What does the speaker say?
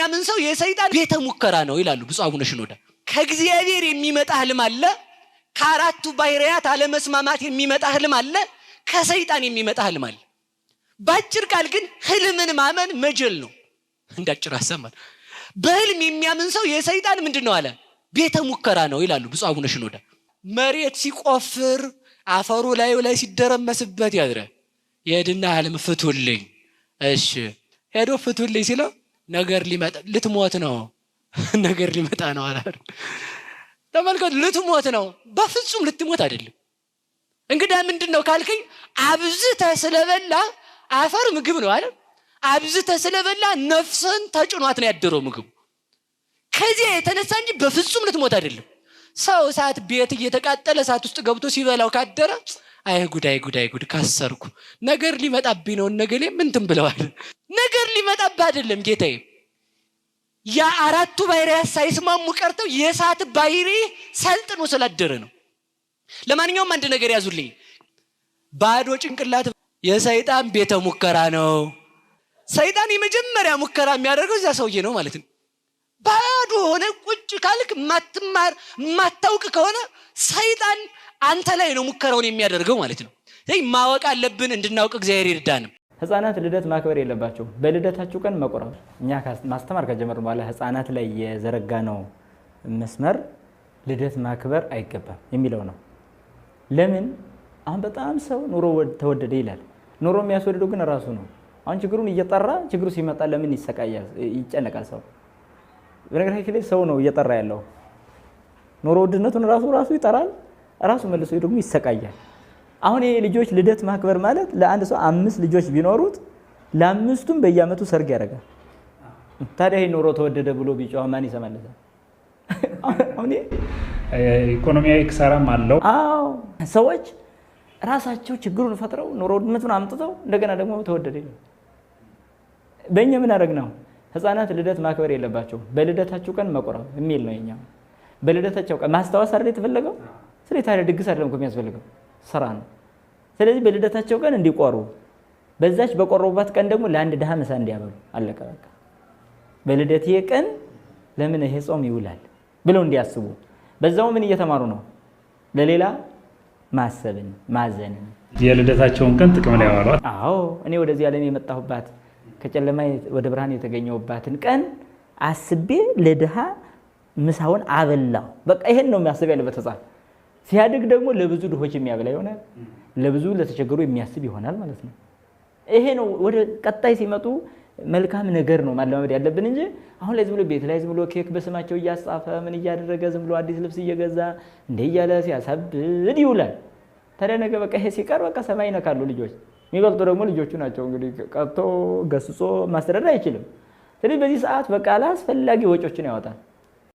የሚያምን ሰው የሰይጣን ቤተ ሙከራ ነው ይላሉ ብፁዕ አቡነ ሽኖዳ። ከእግዚአብሔር የሚመጣ ህልም አለ። ከአራቱ ባህርያት አለመስማማት የሚመጣ ህልም አለ። ከሰይጣን የሚመጣ ህልም አለ። በአጭር ቃል ግን ህልምን ማመን መጀል ነው። እንዳጭር አሰማል በህልም የሚያምን ሰው የሰይጣን ምንድን ነው አለ ቤተ ሙከራ ነው ይላሉ ብፁዕ አቡነ ሽኖዳ። መሬት ሲቆፍር አፈሩ ላዩ ላይ ሲደረመስበት ያድረ የድና ህልም ፍቱልኝ፣ እሺ ሄዶ ፍቱልኝ ሲለው ነገር ሊመጣ ልትሞት ነው ነገር ሊመጣ ነው አላ ተመልከቱ ልትሞት ነው በፍጹም ልትሞት አይደለም እንግዳ ምንድን ነው ካልከኝ አብዝተ ስለበላ አፈር ምግብ ነው አለ አብዝተ ስለበላ ነፍስን ተጭኗት ነው ያደረው ምግቡ ከዚያ የተነሳ እንጂ በፍጹም ልትሞት አይደለም ሰው እሳት ቤት እየተቃጠለ እሳት ውስጥ ገብቶ ሲበላው ካደረ አይ ጉድ፣ አይ ጉድ፣ ጉድ ካሰርኩ ነገር ሊመጣብኝ ነው። ነገሌ ምንትን ብለዋል። ነገር ሊመጣብህ አይደለም ጌታዬ። የአራቱ ባህሪያት ሳይስማሙ ቀርተው የእሳት ባህሪ ሰልጥኖ ስላደረ ነው። ለማንኛውም አንድ ነገር ያዙልኝ። ባዶ ጭንቅላት የሰይጣን ቤተ ሙከራ ነው። ሰይጣን የመጀመሪያ ሙከራ የሚያደርገው እዚያ ሰውዬ ነው ማለት ነው። ባዶ ሆነ ቁጭ ካልክ ማትማር ማታውቅ ከሆነ ሰይጣን አንተ ላይ ነው ሙከራውን የሚያደርገው ማለት ነው። ይህ ማወቅ አለብን፣ እንድናውቅ እግዚአብሔር ይርዳንም። ህጻናት ልደት ማክበር የለባቸው። በልደታችሁ ቀን መቁረብ እኛ ማስተማር ከጀመር በኋላ ህጻናት ላይ የዘረጋ ነው መስመር ልደት ማክበር አይገባም የሚለው ነው። ለምን አሁን በጣም ሰው ኑሮ ተወደደ ይላል። ኑሮ የሚያስወድደው ግን ራሱ ነው። አሁን ችግሩን እየጠራ ችግሩ ሲመጣ ለምን ይሰቃያል? ይጨነቃል ሰው። በነገራችን ላይ ሰው ነው እየጠራ ያለው ኑሮ ውድነቱን ራሱ ራሱ ይጠራል፣ ራሱ መልሶ ደግሞ ይሰቃያል። አሁን ይሄ ልጆች ልደት ማክበር ማለት ለአንድ ሰው አምስት ልጆች ቢኖሩት ለአምስቱም በየአመቱ ሰርግ ያደርጋል። ታዲያ ይህ ኑሮ ተወደደ ብሎ ቢጫ ማን ይሰማለታል? አሁን ኢኮኖሚያዊ ኪሳራም አለው። አዎ ሰዎች ራሳቸው ችግሩን ፈጥረው ኑሮ ውድነቱን አምጥተው እንደገና ደግሞ ተወደደ ይላል። በእኛ ምን ነው ህፃናት ልደት ማክበር የለባቸው በልደታችሁ ቀን መቁረብ የሚል ነው የኛው በልደታቸው ቀን ማስታወስ አይደል የተፈለገው? ስለዚህ ታዲያ ድግስ አይደለም እኮ የሚያስፈልገው ስራ ነው። ስለዚህ በልደታቸው ቀን እንዲቆሩ በዛች በቆረቡበት ቀን ደግሞ ለአንድ ድሃ ምሳ እንዲያበሉ፣ አለቀ በቃ። በልደቴ ቀን ለምን ይሄ ጾም ይውላል ብለው እንዲያስቡ። በዛው ምን እየተማሩ ነው? ለሌላ ማሰብን ማዘንን። የልደታቸውን ቀን ጥቅም ላይ ያዋሏት። አዎ እኔ ወደዚህ ዓለም የመጣሁባት ከጨለማ ወደ ብርሃን የተገኘሁባትን ቀን አስቤ ለድሃ ምሳውን አበላው። በቃ ይሄን ነው የሚያስብ ያለበት ህፃን። ሲያድግ ደግሞ ለብዙ ድሆች የሚያበላ ይሆናል፣ ለብዙ ለተቸገሩ የሚያስብ ይሆናል ማለት ነው። ይሄ ነው ወደ ቀጣይ ሲመጡ መልካም ነገር ነው ማለማመድ ያለብን እንጂ አሁን ላይ ዝም ብሎ ቤት ላይ ዝም ብሎ ኬክ በስማቸው እያጻፈ ምን እያደረገ ዝም ብሎ አዲስ ልብስ እየገዛ እንደ እያለ ሲያሳብድ ይውላል። ታዲያ ነገ በቃ ይሄ ሲቀር በቃ ሰማይ ይነካሉ ልጆች። የሚበልጡ ደግሞ ልጆቹ ናቸው። እንግዲህ ቀጥቶ ገስጾ ማስተዳደር አይችልም። ስለዚህ በዚህ ሰዓት በቃ አላስፈላጊ ወጮችን ያወጣል።